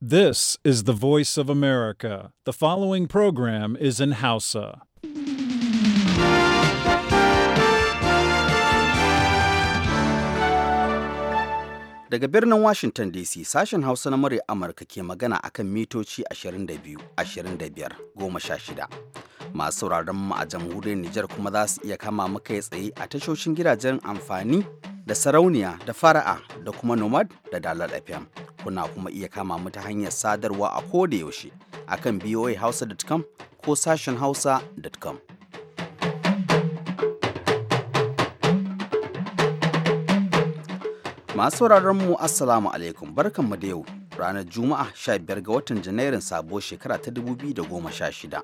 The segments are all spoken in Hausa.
This is the voice of America. The following program is in Hausa. Daga birnin Washington DC sashen Hausa na murya Amurka ke magana akan mitoci 22, 25, 16. Masu sauraron mu a jamhuriyar Nijar kuma za su iya kama muka tsaye a tashoshin gidajen amfani da sarauniya da fara'a da kuma nomad da dalar fm kuna kuma iya kama mu ta hanyar sadarwa a kodayaushe yaushe akan boahausa.com ko sashen hausa.com masu mu assalamu alaikum barkanmu da yau ranar juma'a 15 ga watan janairun sabo shekara ta 2016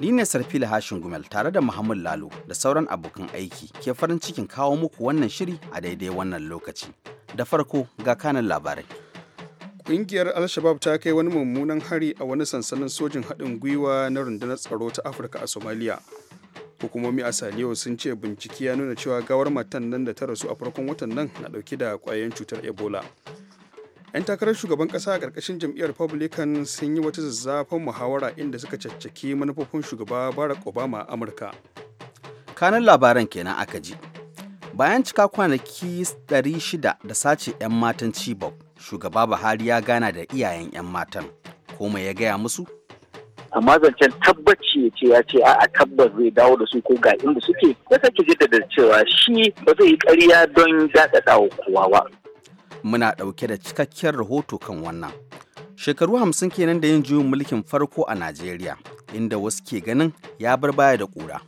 Ni ne Sarfila Hashin Gumel tare da Muhammad Lalo da sauran abokan aiki ke farin cikin kawo muku wannan shiri a daidai wannan lokaci. Da farko ga kanan labarai. Ƙungiyar Al-Shabab ta kai wani mummunan hari a wani sansanin sojin haɗin gwiwa na rundunar tsaro ta Afirka a Somalia. Hukumomi a Saliyo sun ce bincike ya nuna cewa gawar matan nan da ta rasu a farkon watan nan na ɗauke da ƙwayoyin cutar Ebola. 'yan takarar shugaban kasa a ƙarƙashin jam'iyyar republican sun yi wata zazzafan muhawara inda suka caccake manufofin shugaba barack obama a amurka kanan labaran kenan aka ji bayan cika kwanaki 600 da sace 'yan matan chibok shugaba buhari ya gana da iyayen 'yan matan kuma ya gaya musu amma zancen tabbaci ya ce ya ce a tabbas zai dawo da su ko ga inda suke ya sake jaddada cewa shi ba zai yi ƙarya don wa kowa ba muna ɗauke da cikakken rahoto kan wannan shekaru hamsin kenan da yin juyin mulkin farko a najeriya inda wasu ke ganin ya bar baya da ƙura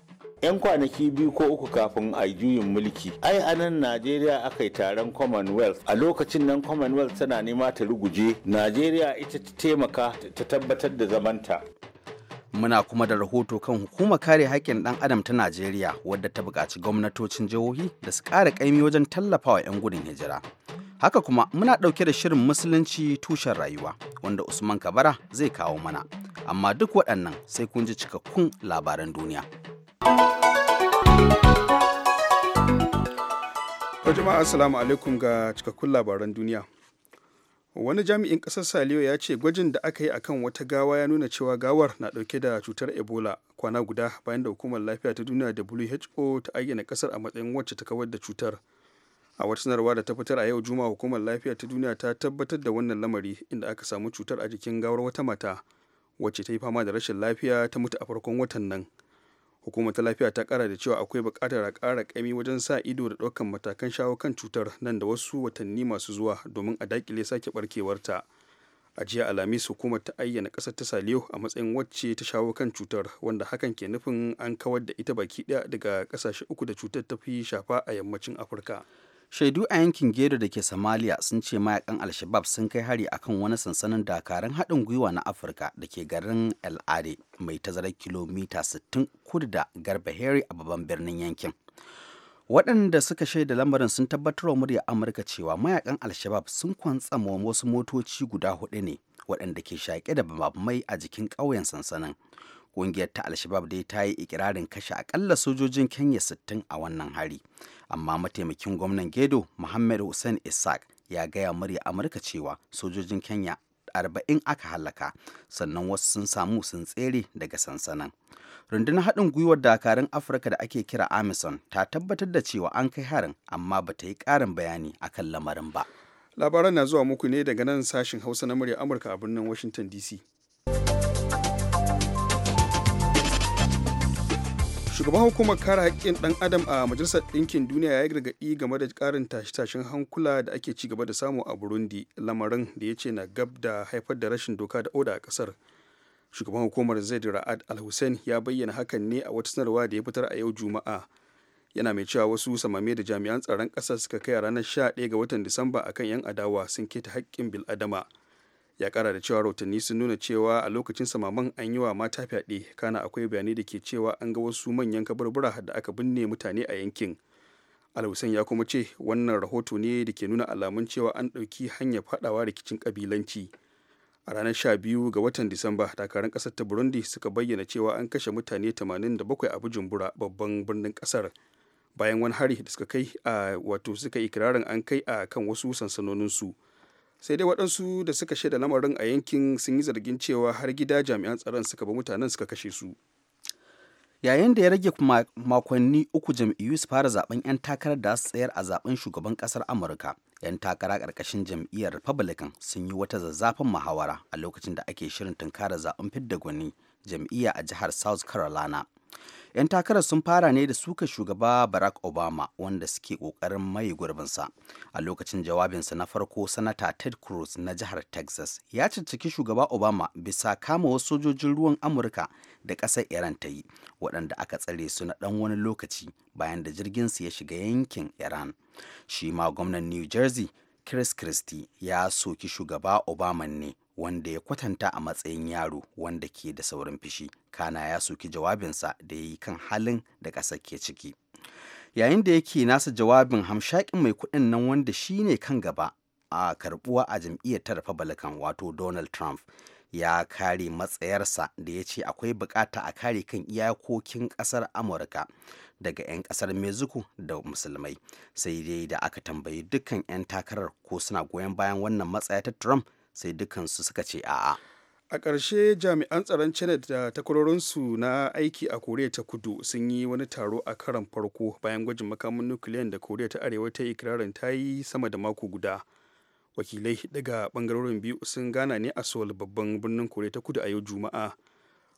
'yan kwanaki biyu ko uku kafin a juyin mulki ai a nan najeriya aka yi taron commonwealth a lokacin nan commonwealth tana nema ta ruguje najeriya ita ta taimaka ta tabbatar da zamanta muna kuma da rahoto kan hukumar kare haƙƙin ɗan adam ta najeriya wadda ta buƙaci gwamnatocin jihohi da su ƙara ƙaimi wajen tallafawa 'yan gudun hijira haka kuma muna ɗauke da shirin musulunci tushen rayuwa wanda usman kabara zai kawo mana amma duk waɗannan sai kun ji cikakkun labaran duniya jama'a assalamu alaikum ga cikakkun labaran duniya wani jami'in kasar saliyo ya ce gwajin da aka yi a kan wata gawa ya nuna cewa gawar na dauke da cutar ebola kwana guda bayan da hukumar lafiya ta duniya who ta ayyana kasar a matsayin wacce ta kawar da cutar a wata sanarwa da ta fitar a yau juma'a hukumar lafiya ta duniya ta tabbatar da wannan lamari inda aka samu cutar a jikin gawar wata mata wacce ta yi fama da rashin lafiya ta mutu a farkon watan nan hukumar ta lafiya ta kara da cewa akwai bukatar a kara kami wajen sa ido da ɗaukan matakan shawo kan cutar nan da wasu watanni masu zuwa domin a dakile sake barkewarta a jiya alhamis hukumar ta ayyana ƙasar ta saliyo a matsayin wacce ta shawo kan cutar wanda hakan ke nufin an kawar da ita baki ɗaya daga ƙasashe uku da cutar ta fi shafa a yammacin afirka shaidu a yankin gedo da ke somalia sun ce mayakan alshabab sun kai hari akan wani sansanin dakarun haɗin gwiwa na afirka da ke garin el ade mai tazarar kilomita 60 kudu da garba harry a babban birnin yankin waɗanda suka shaida lamarin sun tabbatar wa murya amurka cewa mayakan alshabab shabab sun kwantsama wasu motoci guda hudu ne waɗanda ke shaƙe da bamamai a jikin ƙauyen sansanin Ƙungiyar ta Alshabab dai ta yi ikirarin kashe akalla sojojin Kenya 60 a wannan hari. Amma mataimakin gwamnan Gedo Muhammad Hussein Isaac ya gaya murya Amurka cewa sojojin Kenya arba'in aka halaka sannan wasu sun samu sun tsere daga sansanan rundunar haɗin gwiwar dakarun afirka da ake kira amison ta tabbatar da cewa an kai harin amma ba ta yi ƙarin bayani a kan lamarin ba labaran na zuwa muku ne daga nan sashin hausa na murya amurka a birnin washington dc shugaban hukumar kare haƙƙin ɗan adam a majalisar ɗinkin duniya ya yi gargaɗi game da ƙarin tashe-tashen hankula da ake ci gaba da samu a burundi lamarin da ya ce na gab da haifar da rashin doka da oda a ƙasar shugaban hukumar zaid ra'ad al-hussein ya bayyana hakan ne a wata sanarwa da ya fitar a yau juma'a yana mai cewa wasu samame da jami'an tsaron ƙasa suka kai a ranar 11 ga watan disamba akan 'yan adawa sun keta haƙƙin bil'adama adama ya kara da cewa rahotanni sun nuna cewa a lokacin samaman an yi wa mata fyaɗe kana akwai bayanai da ke cewa an ga wasu manyan kaburbura da aka binne mutane a yankin alhussein ya kuma ce wannan rahoto ne da ke nuna alamun cewa an ɗauki hanyar faɗawa rikicin ƙabilanci a ranar 12 ga watan disamba dakarun ƙasar ta burundi suka bayyana cewa an kashe mutane 87 a bujumbura babban birnin ƙasar bayan wani hari da suka kai a wato suka ikirarin an kai a kan wasu sansanoninsu sai dai waɗansu da suka shaida lamarin a yankin sun yi zargin cewa har gida jami'an tsaron suka bi mutanen suka kashe su yayin da ya rage makonni uku jam'iyyu su fara zaben 'yan takarar da su tsayar a zaben shugaban kasar amurka 'yan takara karkashin jam'iyyar republican sun yi wata zazzafan muhawara a lokacin da ake shirin tunkara zaben fidda gwani jam'iyya a jihar south carolina 'yan takarar sun fara ne da suka shugaba barack obama wanda suke ƙoƙarin mai gurbinsa a lokacin jawabinsa na farko sanata ted cruz na jihar texas ya cicciki shugaba obama bisa kama wasu sojojin ruwan amurka da ƙasar iran ta yi waɗanda aka tsare su na ɗan wani lokaci bayan da jirginsu ya shiga yankin iran shi ma gwamnan new jersey chris christie ya soki shugaba obama ne wanda ya kwatanta a matsayin yaro wanda ke da saurin fishi kana ya soki jawabinsa da ya yi kan halin da ƙasar ke ciki yayin da yake nasa jawabin hamshakin mai kuɗin nan wanda shi ne kan gaba a karbuwa a jam'iyyar ta republican wato donald trump ya kare matsayarsa da ya ce akwai bukata a kare kan iyakokin ƙasar amurka daga 'yan ƙasar mexico da musulmai sai dai da aka tambayi dukkan 'yan takarar ko suna goyon bayan wannan matsaya ta trump sai dukansu suka ce a'a. a ƙarshe jami'an tsaron china da takwarorinsu na aiki a koriya ta kudu sun yi wani taro a karan farko bayan gwajin makamin nukiliyan da koriya ta arewa ta ikirarin ta yi sama da mako guda wakilai daga ɓangarorin biyu sun gana ne a seoul babban birnin koriya ta kudu a yau juma'a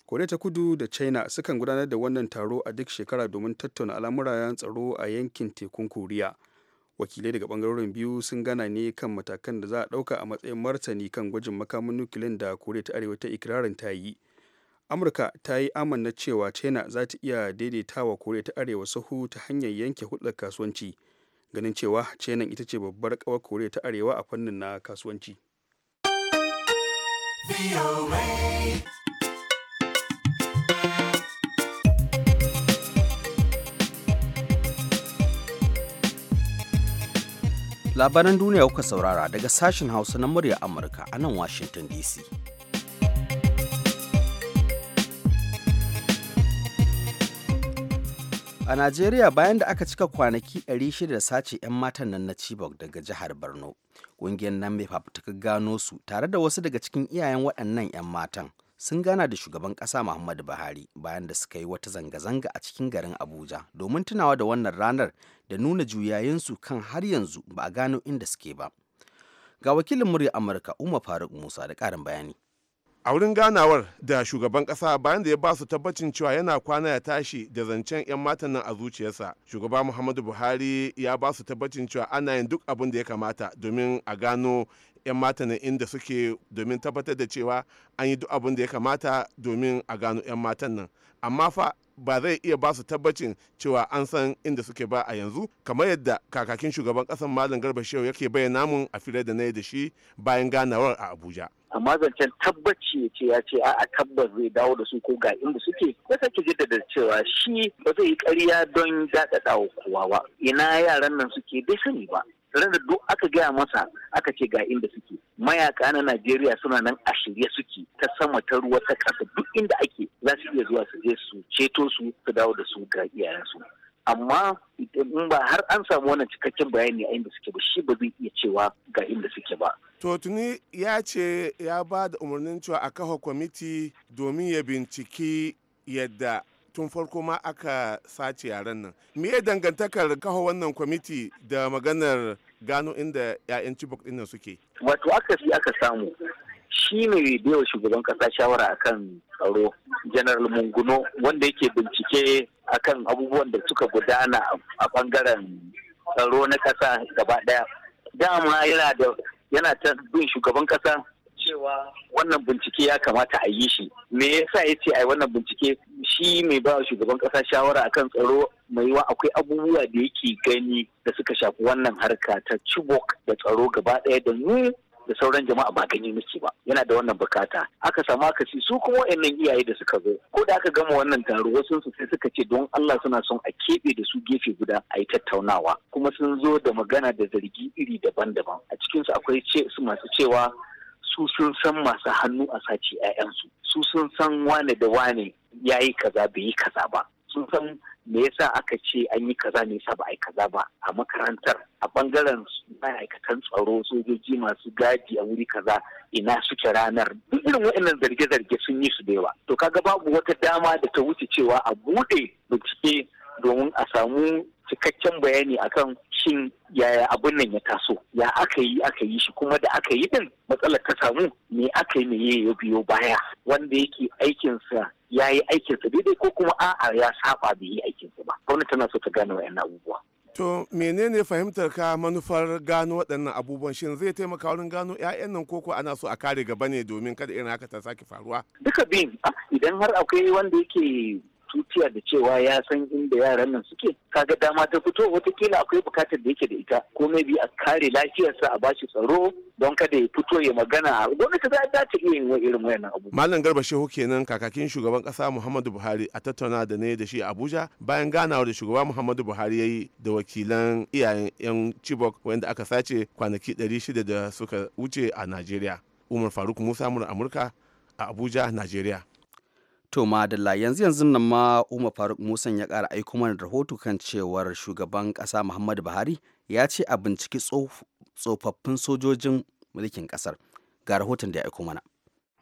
koriya ta kudu da china sukan gudanar da wannan taro a duk shekara domin tattauna al'amuran tsaro a yankin tekun koriya wakilai daga bangarorin biyu sun gana ne kan matakan da za a ɗauka a matsayin martani kan gwajin makamin nukilin da koriya ta arewa ta ikirarin ta yi amurka ta yi amanna cewa china za ta iya daidaitawa koriya ta arewa sahu ta hanyar yanke hulɗar kasuwanci ganin cewa china ita ce babbar kawar koriya ta arewa a fannin na kasuwanci labaran duniya kuka saurara daga sashen hausa na murya amurka a nan washington dc a najeriya bayan da aka cika kwanaki 600 da sace 'yan matan nan na chibok daga jihar borno ƙungiyar nan mai fafutuka gano su tare da wasu daga cikin iyayen waɗannan 'yan matan sun gana da shugaban ƙasa Muhammadu Buhari bayan da suka yi wata zanga-zanga a cikin garin Abuja domin tunawa da wannan ranar da nuna juyayensu kan har yanzu ba a gano inda suke ba. Ga wakilin murya Amurka Umar Faruk Musa da ƙarin bayani. a wurin ganawar da shugaban kasa bayan da ya ba su tabbacin cewa yana kwana ya tashi da zancen 'yan matan nan a zuciyarsa shugaba muhammadu buhari ya ba su tabbacin cewa ana yin duk abin da ya kamata domin a gano 'yan matan nan inda suke domin tabbatar da cewa an yi duk abin da ya kamata domin a gano 'yan matan nan amma fa ba zai iya ba su tabbacin cewa an san inda suke ba a yanzu kamar yadda kakakin shugaban kasan malam garba shehu yake bayyana mun a fira da na yi da shi bayan ganawar a abuja amma zancen tabbaci ce ya ce a tabbas zai dawo da su ko ga inda suke ya sake jaddada cewa shi ba zai yi ƙarya don daɗaɗa kowa ba ina yaran nan suke bai sani ba ran da duk aka gaya masa aka ce ga inda suke mayaka na Najeriya suna nan a shirye suke ta sama ta ruwa ta ƙasa duk inda ake za su iya zuwa su je su ceto su su dawo da su ga iyayensu amma in ba har an samu wannan cikakken bayani a inda suke ba shi ba zai iya cewa ga inda suke ba totuni tuni ya ce ya ba da umarnin cewa a kafa kwamiti domin ya binciki yadda tun farko ma aka sace yaren nan me ya dangantakar kafa wannan kwamiti da maganar gano inda 'ya'yan cibok ɗin suke wato aka fi aka samu shi ne baiwa shugaban kasa shawara akan tsaro general munguno wanda yake bincike akan abubuwan da suka gudana a bangaren tsaro na ƙasa gaba daya dama yana da yana ta bin shugaban kasa cewa wannan bincike ya kamata a yi shi me yasa ya ce a wannan bincike shi mai ba shugaban kasa shawara akan tsaro mai wa akwai abubuwa da yake gani da suka shafi wannan harka ta cibok da tsaro gaba ɗaya da mu da sauran jama'a ba gani muke ba yana da wannan bukata aka samu si su kuma wayannan iyaye da suka zo ko da aka gama wannan taro wasu su sai suka ce don Allah suna son a keɓe da su gefe guda a yi tattaunawa kuma sun zo da magana da zargi iri daban-daban a cikinsu akwai ce su masu cewa su sun san masu hannu a sace 'ya'yansu su sun san wane da wane yayi kaza bai yi kaza ba sun san me yasa aka ce an yi kaza me yasa ba a yi kaza ba a makarantar a bangaren ma'aikatan tsaro sojoji masu gadi a wuri kaza ina suke ranar duk irin waɗannan zarge-zarge sun yi su da yawa to kaga babu wata dama da ta wuce cewa a buɗe bincike domin a samu cikakken bayani akan shin yaya abun nan ya taso ya aka yi aka yi shi kuma da aka yi din matsalar ta samu me aka yi me ya biyo baya wanda yake aikinsa ya yi aikinsa daidai ko kuma a'a ya saba bai yi aikinsa ba gwamnati tana so ta gane wayannan abubuwa To menene fahimtar ka manufar gano waɗannan abubuwan shin zai taimaka wurin gano 'ya'yan nan koko ana so a kare gaba ne domin kada irin haka ta sake faruwa? Duka bin ah, idan har akwai wanda yake tutiya da cewa ya san inda yaran nan suke kaga dama ta fito watakila akwai bukatar da yake da ita ko mai biyu a kare lafiyarsa a bashi tsaro don kada ya fito ya magana a gwamnati za ta iya yin irin wayannan abubuwa malam garba shehu kenan kakakin shugaban kasa muhammadu buhari a tattauna da ne da shi abuja bayan ganawa da shugaba muhammadu buhari ya yi da wakilan iyayen yan chibok wanda aka sace kwanaki 600 da suka wuce a najeriya umar faruk musa mura amurka a abuja najeriya To madalla yanzu yanzu nan ma Umar Faruk Musan ya ƙara aiko mana rahoto kan cewar shugaban ƙasa Muhammadu Buhari ya ce a binciki tsofaffin sojojin mulkin ƙasar. Ga rahoton da ya aiko mana.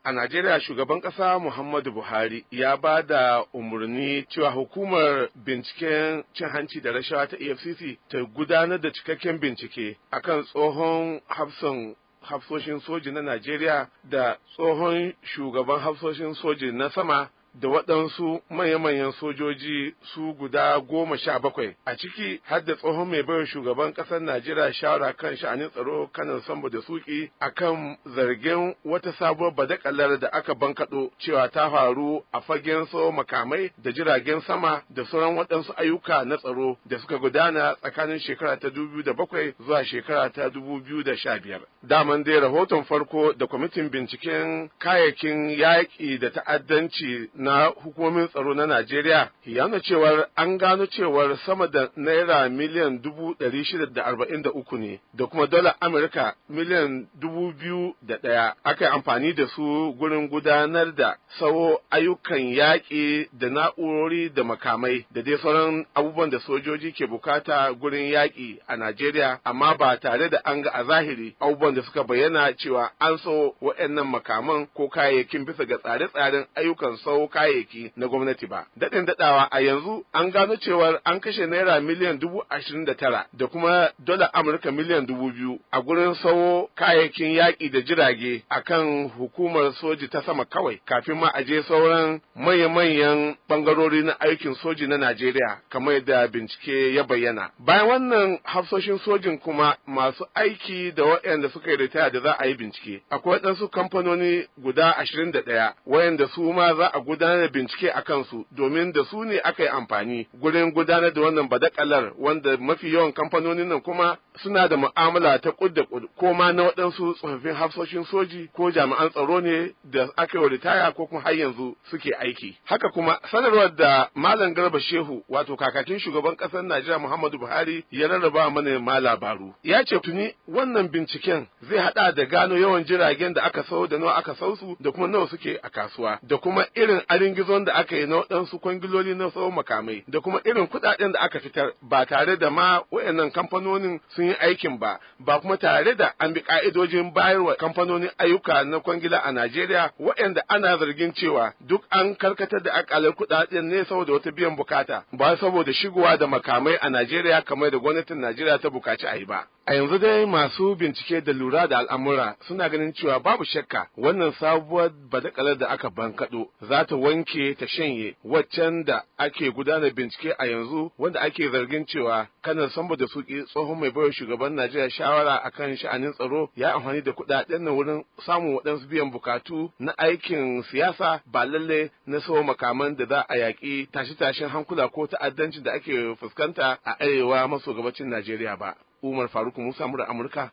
A Najeriya shugaban ƙasa Muhammadu Buhari ya ba da umarni cewa hukumar binciken cin hanci da rashawa ta EFCC ta gudanar da cikakken bincike akan tsohon hafsan hafsoshin soji na Najeriya da tsohon shugaban hafsoshin soji na sama da waɗansu manya-manyan sojoji su guda goma sha bakwai a ciki har da tsohon mai bayan shugaban ƙasar najeriya shawara kan sha'anin tsaro kanan sambo da suki kan zargin wata sabuwar badakalar da aka bankaɗo cewa ta faru a fagen so makamai da jiragen sama da sauran waɗansu ayyuka na tsaro da suka gudana tsakanin shekara ta dubu da bakwai zuwa shekara ta dubu biyu da sha biyar daman dai rahoton farko da kwamitin binciken kayakin yaƙi da ta'addanci na hukumomin tsaro na Najeriya ya na cewar an gano cewar sama da naira miliyan dubu ɗari shida da arba'in da uku ne da kuma dala Amurka miliyan dubu biyu da ɗaya aka yi amfani da su gurin gudanar da sawo ayyukan yaƙi da na'urori da makamai da dai sauran abubuwan da sojoji ke bukata gurin yaƙi a Najeriya amma ba tare da an ga a zahiri abubuwan da suka bayyana cewa an sawo waɗannan makaman ko kayayyakin bisa ga tsare-tsaren ayyukan sauka kayayyaki na gwamnati ba. Daɗin daɗawa a yanzu an gano cewar an kashe naira miliyan dubu ashirin da tara da kuma dola Amurka miliyan dubu biyu a gurin sawo kayayyakin yaƙi da jirage a kan hukumar soji ta sama kawai kafin ma a je sauran manya-manyan ɓangarori na aikin soji na Najeriya kamar yadda bincike ya bayyana. Bayan wannan hafsoshin sojin kuma masu aiki da waɗanda suka yi ritaya da za a yi bincike. Akwai waɗansu kamfanoni guda ashirin da ɗaya wayanda su ma za a gudanar gudanar da bincike a kansu domin da su ne aka yi amfani gurin gudanar da wannan badakalar wanda mafi yawan kamfanonin nan kuma suna da mu'amala ta kud da kud ko ma na waɗansu tsofaffin hafsoshin soji ko jami'an tsaro ne da aka yi ritaya ko kuma har yanzu suke aiki. Haka kuma sanarwar da Malam Garba Shehu wato kakakin shugaban ƙasar Najeriya Muhammadu Buhari ya rarraba mana ma labaru. Ya ce tuni wannan binciken zai haɗa da gano yawan jiragen da aka sau da nawa aka sau su da kuma nawa suke a kasuwa da kuma irin arin gizon da aka yi na waɗansu kwangiloli na tsawon makamai da kuma irin kuɗaɗen da aka fitar ba tare da ma wayannan kamfanonin sun yi aikin ba ba kuma tare da an bi ka'idojin bayarwa kamfanonin ayyuka na kwangila a Najeriya wayanda ana zargin cewa duk an karkatar da akalar kuɗaɗen ne saboda wata biyan bukata ba saboda shigowa da makamai a Najeriya kamar da gwamnatin Najeriya ta bukaci a yi ba. A yanzu dai masu bincike da lura da al'amura suna ganin cewa babu shakka wannan sabuwar badakalar da aka bankaɗo za ta ta wanke ta shanye waccan da ake gudanar bincike a yanzu wanda ake zargin cewa kanar sambo da suki tsohon mai bayar shugaban najeriya shawara a kan sha'anin tsaro ya amfani da kuɗaɗen nan wurin samun waɗansu biyan bukatu na aikin siyasa ba lalle na sau makaman da za a yaƙi tashe-tashen hankula ko ta'addancin da ake fuskanta a arewa maso gabacin najeriya ba umar faruk musa mura amurka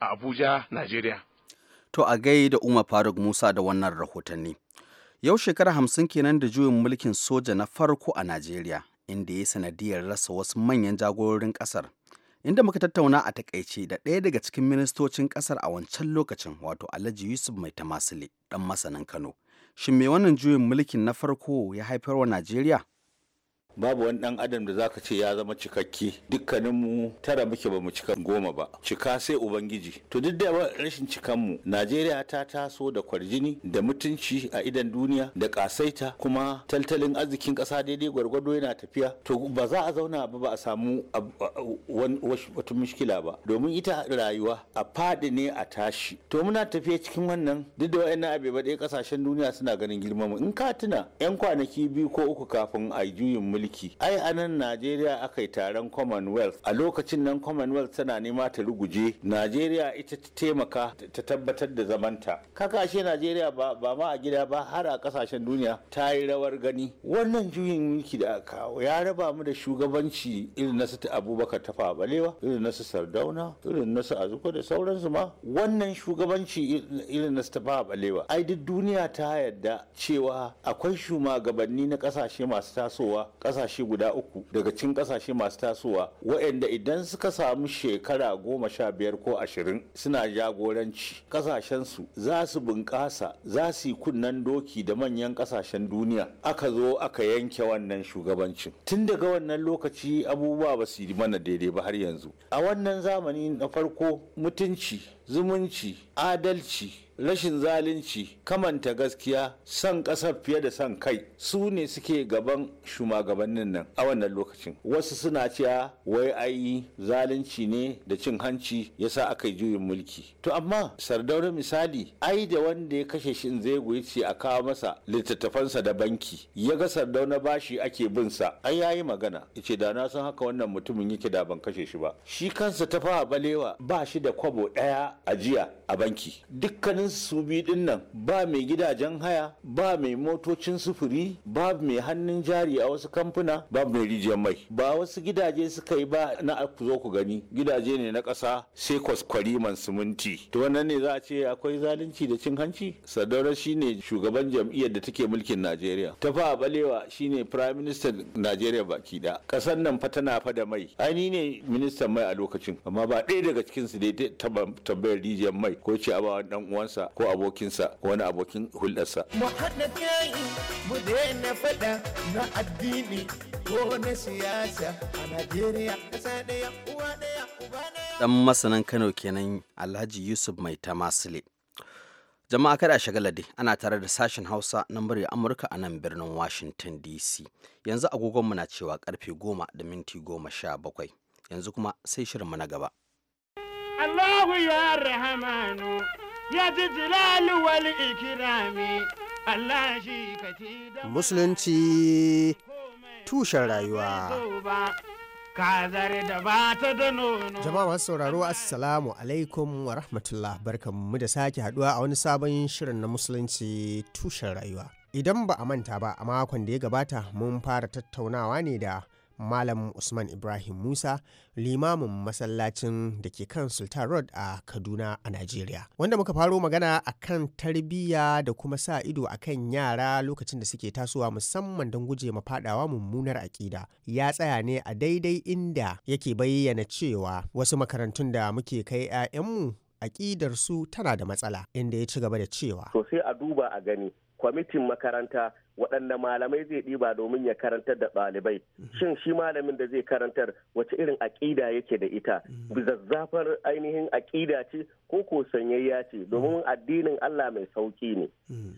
a abuja najeriya to a gai da umar faruk musa da wannan rahotanni yau shekara hamsin kenan da juyin mulkin soja na farko a najeriya inda ya sanadiyar rasa wasu manyan jagororin kasar inda muka tattauna a takaice da ɗaya daga cikin ministocin kasar a wancan lokacin wato alhaji yusuf mai tamasile dan masanin kano shin me wannan juyin mulkin na farko ya haifar wa najeriya babu wani dan adam da zaka ce ya zama cikakke dukkanin mu tara muke ba mu cika goma ba cika sai ubangiji to duk da rashin cikan mu najeriya ta taso da kwarjini da mutunci a idan duniya da kasaita kuma taltalin arzikin kasa daidai gwargwado yana tafiya to ba za a zauna ba ba a samu wata mushkila ba domin ita rayuwa a fadi ne a tashi to muna tafiya cikin wannan duk da wa'annan abe ba kasashen duniya suna ganin girmamu in ka tuna yan kwanaki biyu ko uku kafin a juyin mu mulki ai a nan najeriya aka yi taron commonwealth a lokacin nan commonwealth tana nema ta ruguje najeriya ita ta taimaka ta tabbatar da zamanta kakashe najeriya ba ma a gida ba har a kasashen duniya ta yi rawar gani wannan juyin mulki da aka kawo ya raba mu da shugabanci irin na su abubakar ta balewa irin na su sardauna irin na su azuko da sauransu ma wannan shugabanci irin na su ai duk duniya ta yarda cewa akwai shugabanni na kasashe masu tasowa kasashe guda uku daga cikin kasashe masu tasowa waɗanda idan suka samu shekara goma sha biyar ko ashirin suna jagoranci kasashensu za su bunƙasa za su yi kunnen doki da manyan kasashen duniya aka zo aka yanke wannan shugabancin tun daga wannan lokaci abubuwa ba su yi mana daidai ba har yanzu a wannan zamani na farko mutunci zumunci adalci rashin zalunci kamanta gaskiya son ƙasar fiye da son kai su ne suke gaban shugabannin nan a wannan lokacin wasu suna cewa wai ayi zalunci ne da cin hanci ya sa aka yi juyin mulki to amma sardaura misali ai da wanda ya kashe shi zai goyi ce a kawo masa littattafansa da banki ya ga sardauna bashi ake bin sa ai yayi magana yace da na san haka wannan mutumin yake da ban kashe shi ba shi kansa ta fara balewa ba shi da kwabo ɗaya. ajiya a banki dukkanin su biyu din ba mai gidajen haya ba mai motocin sufuri ba mai hannun jari a wasu kamfuna ba mai rijiyar mai ba wasu gidaje suka yi ba na ku zo ku gani gidaje ne na ƙasa sai man siminti to wannan ne za a ce akwai zalunci da cin hanci sadaura shine shugaban jam'iyyar da take mulkin najeriya ta fa balewa shine prime minister najeriya baki da ƙasar nan fa tana fa da mai ni ne ministan mai a lokacin amma ba ɗaya daga cikin su dai ta tambayar rijiyar mai ko ce abawa dan uwansa ko abokinsa ko wani abokin hulɗarsa. Mu haɗa kai mu daina faɗa na addini ko na siyasa a Najeriya ƙasa ɗaya uwa ɗaya Dan masanan Kano kenan Alhaji Yusuf Mai Tamasile. Jama'a kada shagala dai ana tare da sashen Hausa na murya Amurka a nan birnin Washington DC. Yanzu agogonmu na cewa karfe goma da minti goma sha bakwai. Yanzu kuma sai shirinmu na gaba. الله يا رحمن يا ذي الجلال والإكرام الله شيك مسلمتي tushen rayuwa. Jama'a masu sauraro Assalamu alaikum wa rahmatullah barkanmu da sake haduwa a wani sabon shirin na musulunci tushen rayuwa. Idan ba a manta ba a makon da ya gabata mun fara tattaunawa ne da Malam Usman Ibrahim Musa limamin masallacin da ke kan Sultan Road a Kaduna a Najeriya. Wanda muka faro magana a kan tarbiyya da kuma sa ido a kan yara lokacin da suke tasowa musamman don guje ma fadawa mummunar aƙida. Ya tsaya ne a daidai inda yake bayyana cewa wasu makarantun da muke kai 'ya'yanmu aƙidar su tana da matsala inda ya ci gaba da cewa. a duba a gani kwamitin makaranta waɗanda malamai zai ɗiba domin ya karantar da ɗalibai mhm. shin shi malamin da zai karantar wace irin aƙida yake da ita mhm. zazzafar ainihin aƙida ce ko ko sanyayya ce mhm. domin addinin Allah mai sauƙi ne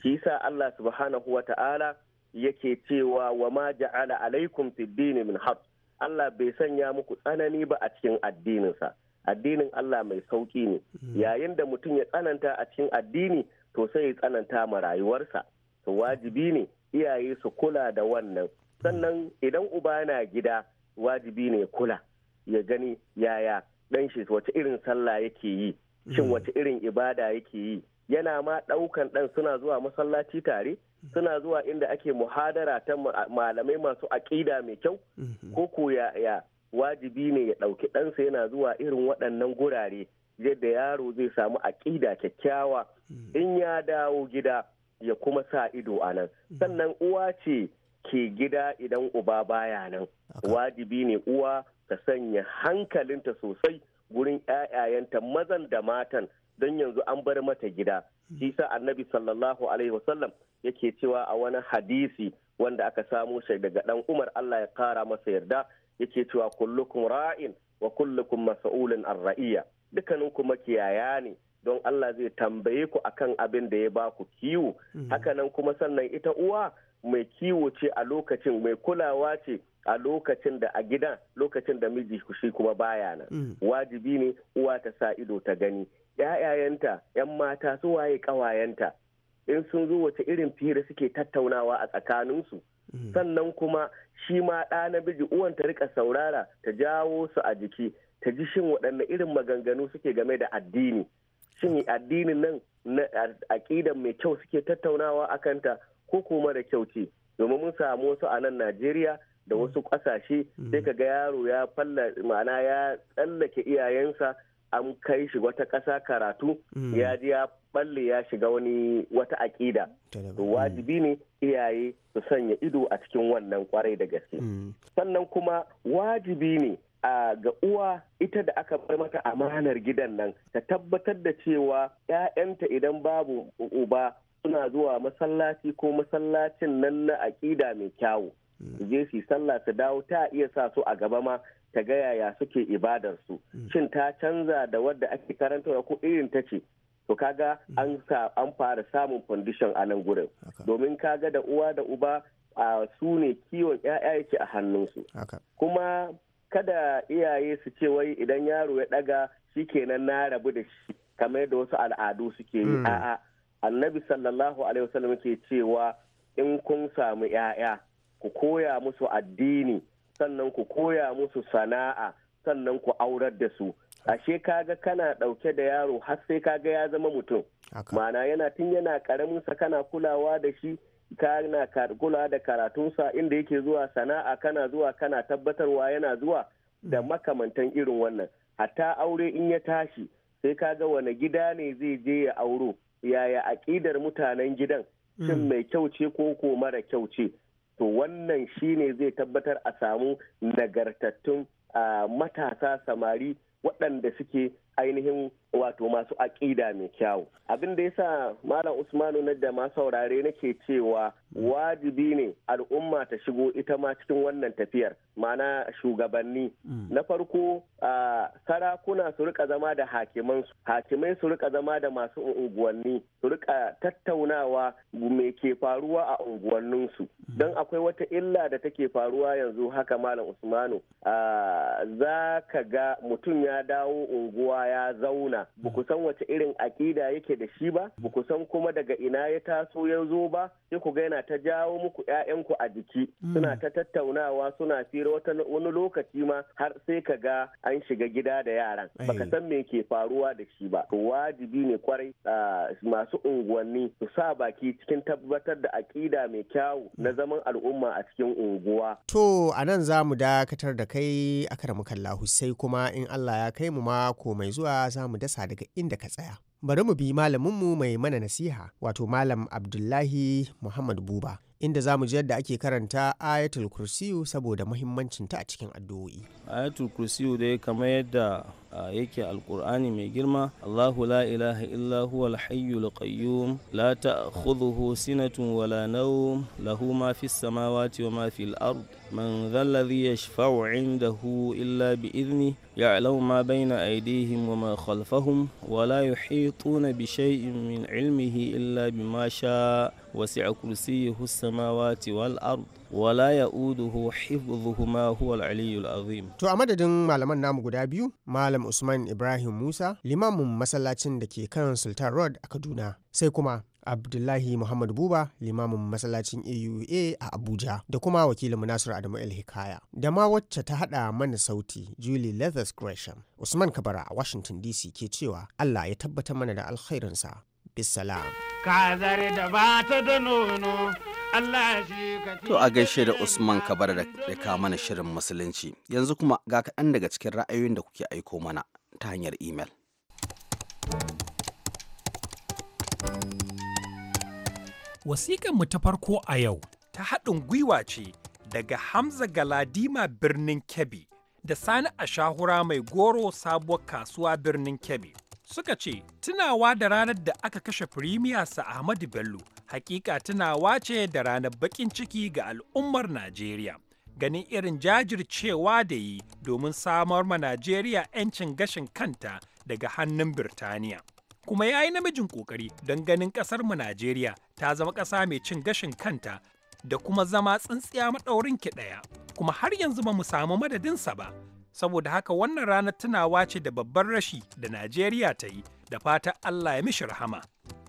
shi yasa Allah subhanahu wa ta'ala yake cewa wa ma ja'ala alaikum fid dini min harb Allah bai sanya muku tsanani ba a cikin addininsa addinin Allah mai sauki ne yayin da mutum ya tsananta a cikin addini to sai ya tsananta ma rayuwarsa to wajibi ne iyaye su kula da wannan sannan idan uba na gida wajibi ne kula ya gani yaya ɗan shi wace irin sallah yake yi shin wace irin ibada yake yi yana ma ɗaukan ɗan suna zuwa masallaci tare suna zuwa inda ake muhadara ta malamai masu aƙida mai kyau mm-hmm. ko ko ya wajibi ne ya ɗauki ɗansa yana zuwa irin waɗannan gurare yadda yaro zai samu aƙida kyakkyawa mm. in ya dawo gida ya kuma sa ido a nan hmm. sannan uwa ce ke gida idan uba baya nan wajibi ne uwa ta sanya hankalinta sosai gurin 'ya'yayanta mazan da matan don yanzu an bar mata gida hmm. shi annabi sallallahu alaihi wasallam yake cewa a wani hadisi wanda aka samu shi daga dan umar allah ya kara masa yarda yake cewa kullukum ra'in wa kullukum mas'ulun an ra'iya dukkanin kuma ne don Allah zai tambaye ku akan abin da ya ba ku kiwo mhm. hakanan kuma sannan ita uwa mai kiwo ce a lokacin mai kulawa ce a lokacin da a gida lokacin da miji shi kuma baya nan mhm. wajibi ne uwa ta sa ido ta gani ‘ya'yayanta ‘yan mata su waye ƙawayenta in sun zo wace irin fira suke tattaunawa a tsakaninsu mhm. sannan kuma shi ma ɗa namiji uwan ta rika saurara ta jawo su a jiki ta ji shin waɗanne irin maganganu suke game da addini shin addinin nan na aƙida mai kyau suke tattaunawa a kanta ko kuma da kyau ce domin mun samu wasu a nan najeriya da wasu mm. ƙasashe mm. sai ka ga yaro ya falla ma'ana ya tsallake iyayensa an kai shi wata ƙasa karatu mm. ya ji ya balle ya shiga wani wata aƙida to wajibi ne iyaye su sanya ido a cikin wannan kwarai da gaske sannan kuma wajibi ne ga uwa ita da aka bar mata amanar gidan nan ta tabbatar da cewa 'ya'yanta idan babu uba suna zuwa masallaci ko masallacin nan na aƙida mai kyawu hmm. je su sallah su dawo ta iya sa su a gaba ma ta ga yaya suke ibadarsu hmm. shin ta canza da wadda ake karantarwa ko irin ta ce to kaga hmm. an an fara samun fondishin a nan gurin domin kaga da uwa da uba su ne kiwon 'ya'ya yake a hannunsu kuma kada iyaye su ce wai idan yaro ya daga shikenan na rabu da shi kamar yadda wasu al'adu suke yi hmm. a'a annabi sallallahu alaihi wasallam ke cewa in kun samu 'ya'ya ku koya musu addini sannan ku koya musu sana'a sannan ku aurar da su ashe kaga kana dauke da yaro har sai kaga ya zama mutum mana yana tun yana karamin sa kana kulawa da shi kana kula da karatunsa inda yake zuwa sana'a kana zuwa kana tabbatarwa yana zuwa da makamantan irin wannan hatta aure in ya tashi sai kaga wani gida ne zai je ya auro yaya aƙidar mutanen gidan shin mm. mai kyau ce ko ko mara kyau ce to wannan shine zai tabbatar a samu nagartattun ah, matasa samari waɗanda suke ainihin wato masu aƙida mai kyawu abin da yasa malam usmanu na da masu saurare nake cewa wajibi ne al'umma ta shigo ita ma cikin wannan tafiyar ma'ana shugabanni mm. na farko sarakuna su rika zama da hakimansu hakimai su rika zama da masu unguwanni su rika tattaunawa me ke faruwa a unguwanninsu mm. don akwai wata illa da take faruwa yanzu haka malam usmanu za ka ga mutum ya dawo unguwa ya zauna ba ku san wace irin aƙida yake da shi ba ba ku san kuma daga ina ya taso ya zo ba sai ku ga yana ta jawo muku ƴaƴanku a jiki mm. suna ta tattaunawa suna fira wani lokaci ma har sai ka ga an shiga gida da yaran baka eh. san me ke faruwa da shi ba to wajibi ne kwarai masu unguwanni su sa baki cikin tabbatar da aƙida mai kyawu na zaman al'umma a cikin unguwa to a nan za mu dakatar da kai a karamu kallahu sai kuma in Allah ya kai mu mako mai zuwa za mu dasa daga inda ka tsaya. Bari mu bi malaminmu mai mana nasiha, wato Malam Abdullahi Muhammad Buba, inda za mu ji yadda ake karanta ayatul kursiyu saboda muhimmancinta a cikin addu'o'i. Ayatul kursiyu dai kamar yadda yake alkur'ani mai girma Allahu la ilaha illa huwa al-hayyul qayyum la ta'khudhuhu sinatun wala nawm lahu ma fis samawati wa ma fil ard man dhal ladhi yashfa'u 'indahu illa bi idhni ya'lamu ma bayna aydihim wa ma khalfahum wa la yuhituna bi shay'in min 'ilmihi illa bima sha'a وسع كرسيه السماوات والأرض wala ya uduhu hifdhuhuma huwa al azim to a madadin malaman namu guda biyu malam Usman Ibrahim Musa limamin masallacin da ke kan Sultan Road a Kaduna sai kuma Abdullahi Muhammad Buba limamin masallacin AUA a Abuja da kuma wakilin Nasiru Adamu El Hikaya da ma wacce ta hada mana sauti Julie Leathers Gresham Usman Kabara a Washington DC ke cewa Allah ya tabbatar mana da alkhairinsa bisalam. Kazar da ba ta da nono To a gaishe da Usman Kabar da ka mana shirin musulunci. Yanzu kuma ga kaɗan daga cikin ra'ayoyin da kuke aiko mana ta hanyar imel. mu ta farko a yau ta haɗin gwiwa ce daga Hamza Galadima birnin Kebbi da Sani a shahura mai goro sabuwar kasuwa birnin Kebbi suka ce tunawa da ranar da aka kashe firimiyarsa Ahmadu Bello hakika tunawa ce da ranar bakin ciki ga al'ummar Najeriya. Ganin irin jajircewa da yi domin samar ma Najeriya 'yancin gashin kanta daga hannun Birtaniya. Kuma ya yi namijin ƙoƙari don ganin mu Najeriya ta zama ƙasa mai cin gashin kanta da kuma zama tsintsiya maɗaurin ki ɗaya. Kuma har yanzu ba mu samu madadinsa ba, saboda haka wannan ranar tunawa ce da babban rashi da Najeriya ta yi da fata Allah ya mishi rahama.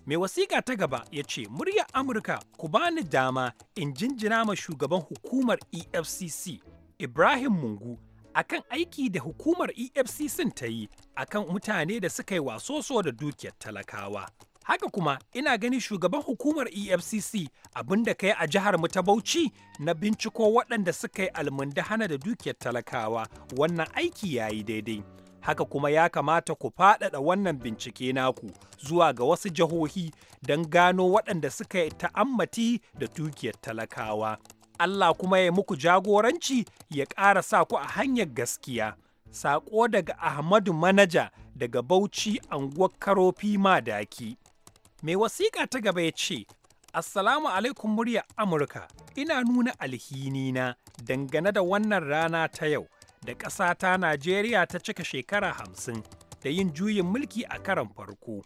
Mai wasiƙa ta gaba ya ce murya Amurka ku bani dama in jinjina ma shugaban hukumar EFCC Ibrahim Mungu akan aiki da hukumar EFCC ta yi akan mutane da suka yi wasoso da dukiyar talakawa. haka kuma ina gani shugaban hukumar efcc abinda kai a jihar mu ta bauchi na binciko waɗanda suka yi almundahana da dukiyar talakawa wannan aiki ya yi daidai haka kuma ya kamata ku faɗaɗa wannan bincike naku zuwa ga wasu jihohi don gano waɗanda suka yi ta'ammati da dukiyar talakawa allah kuma ya muku jagoranci ya ƙara sa ku a hanyar gaskiya saƙo daga ahmadu manaja daga bauchi anguwar karofi madaki Mai wasiƙa ta gaba ya ce, Assalamu alaikum murya Amurka, ina nuna alhini na dangane da wannan rana ta yau da ƙasata Najeriya ta cika shekara hamsin da yin juyin mulki a karan farko,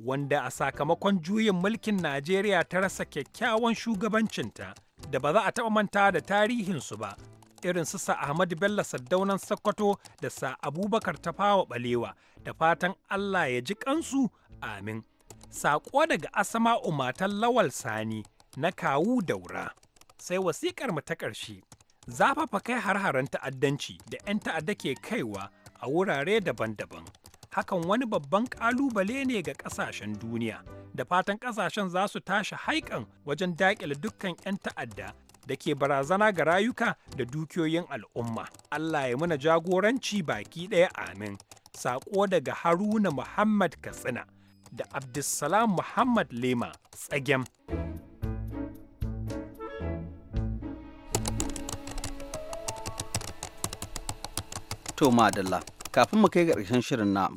wanda a sakamakon juyin mulkin Najeriya ta rasa kyakkyawan shugabancinta da ba za a taɓa manta da tarihinsu ba, irin su sa Ahmadu Bello Saddaunan Sokoto da sa Abubakar Tafawa Ɓalewa. da fatan Allah ya ji kansu amin. Saƙo daga Asama Umatan Lawal Sani na kawu daura. Sai wasiƙar mu ta ƙarshe. Zafafa kai har ta'addanci da 'yan ta'adda ke kaiwa a wurare daban-daban. Hakan wani babban ƙalubale ne ga ƙasashen duniya. Da fatan ƙasashen za su tashi haikan wajen daƙile dukkan 'yan ta'adda da ke barazana ga rayuka da dukiyoyin al'umma. Allah ya muna jagoranci baki ɗaya amin. Saƙo daga Haruna Muhammad Katsina. da Abdulsalam Muhammad Lema tsagen. To madalla, kafin mu kai ga ƙarshen shirin na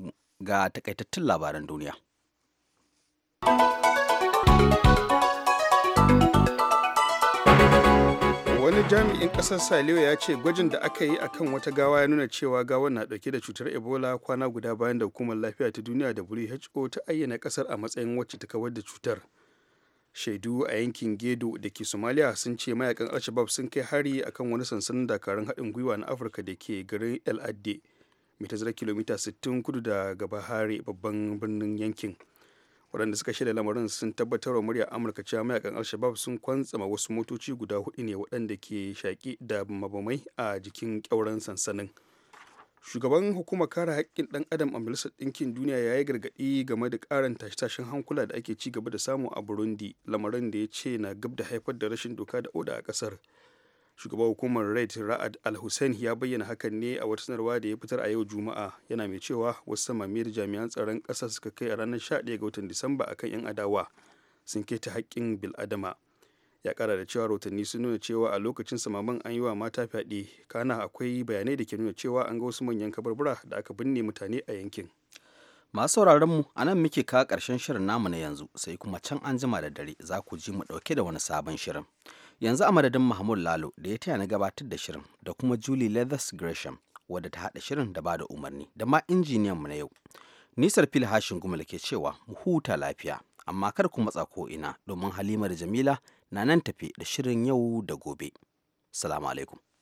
ga takaitattun labaran duniya. wani jami'in kasar saliyo ya ce gwajin da aka yi akan wata gawa ya nuna cewa gawar na dauke da cutar ebola kwana guda bayan da hukumar lafiya ta duniya da who ta ayyana kasar a matsayin wacce ta kawar da cutar shaidu a yankin gedo da ke somalia sun ce mayakan alshabab sun kai hari akan wani sansanin dakarun haɗin gwiwa na afirka da ke garin el adde mai tazara kilomita 60 kudu da gaba hari babban birnin yankin waɗanda suka shaida lamarin sun tabbatar wa muryar amurka cewa mayakan alshabab sun kwantsama wasu motoci guda hudu ne waɗanda ke shaƙi da mabamai a jikin ƙyauren sansanin shugaban hukumar kare haƙƙin ɗan adam a majalisar ɗinkin duniya ya yi gargaɗi game da ƙarin tashe-tashen hankula da ake ci gaba da samu a burundi lamarin da ya ce na gab da haifar da rashin doka da oda a ƙasar shugaban hukumar red ra'ad al-hussein ya bayyana hakan ne a wata sanarwa da ya fitar a yau juma'a yana mai cewa wasu samamiyar jami'an tsaron kasa suka kai a ranar 11 ga watan disamba akan 'yan adawa sun keta haƙƙin bil'adama ya kara da cewa rahotanni sun nuna cewa a lokacin samaman an yi wa mata fyaɗe kana akwai bayanai da ke nuna cewa an ga wasu manyan kabarbura da aka binne mutane a yankin masu sauraron mu a nan muke kawo karshen shirin namu na yanzu sai kuma can an jima da dare za ku ji mu ɗauke da wani sabon shirin yanzu a madadin mahmud lalo da ya taya na gabatar da shirin da kuma julie leathers gresham wadda ta haɗa shirin da bada umarni da ma injiniyan mu na yau nisar fil hashin gumul ke cewa mu huta lafiya amma kar ku matsa ko ina domin halima da jamila na nan tafi da shirin yau da gobe salamu alaikum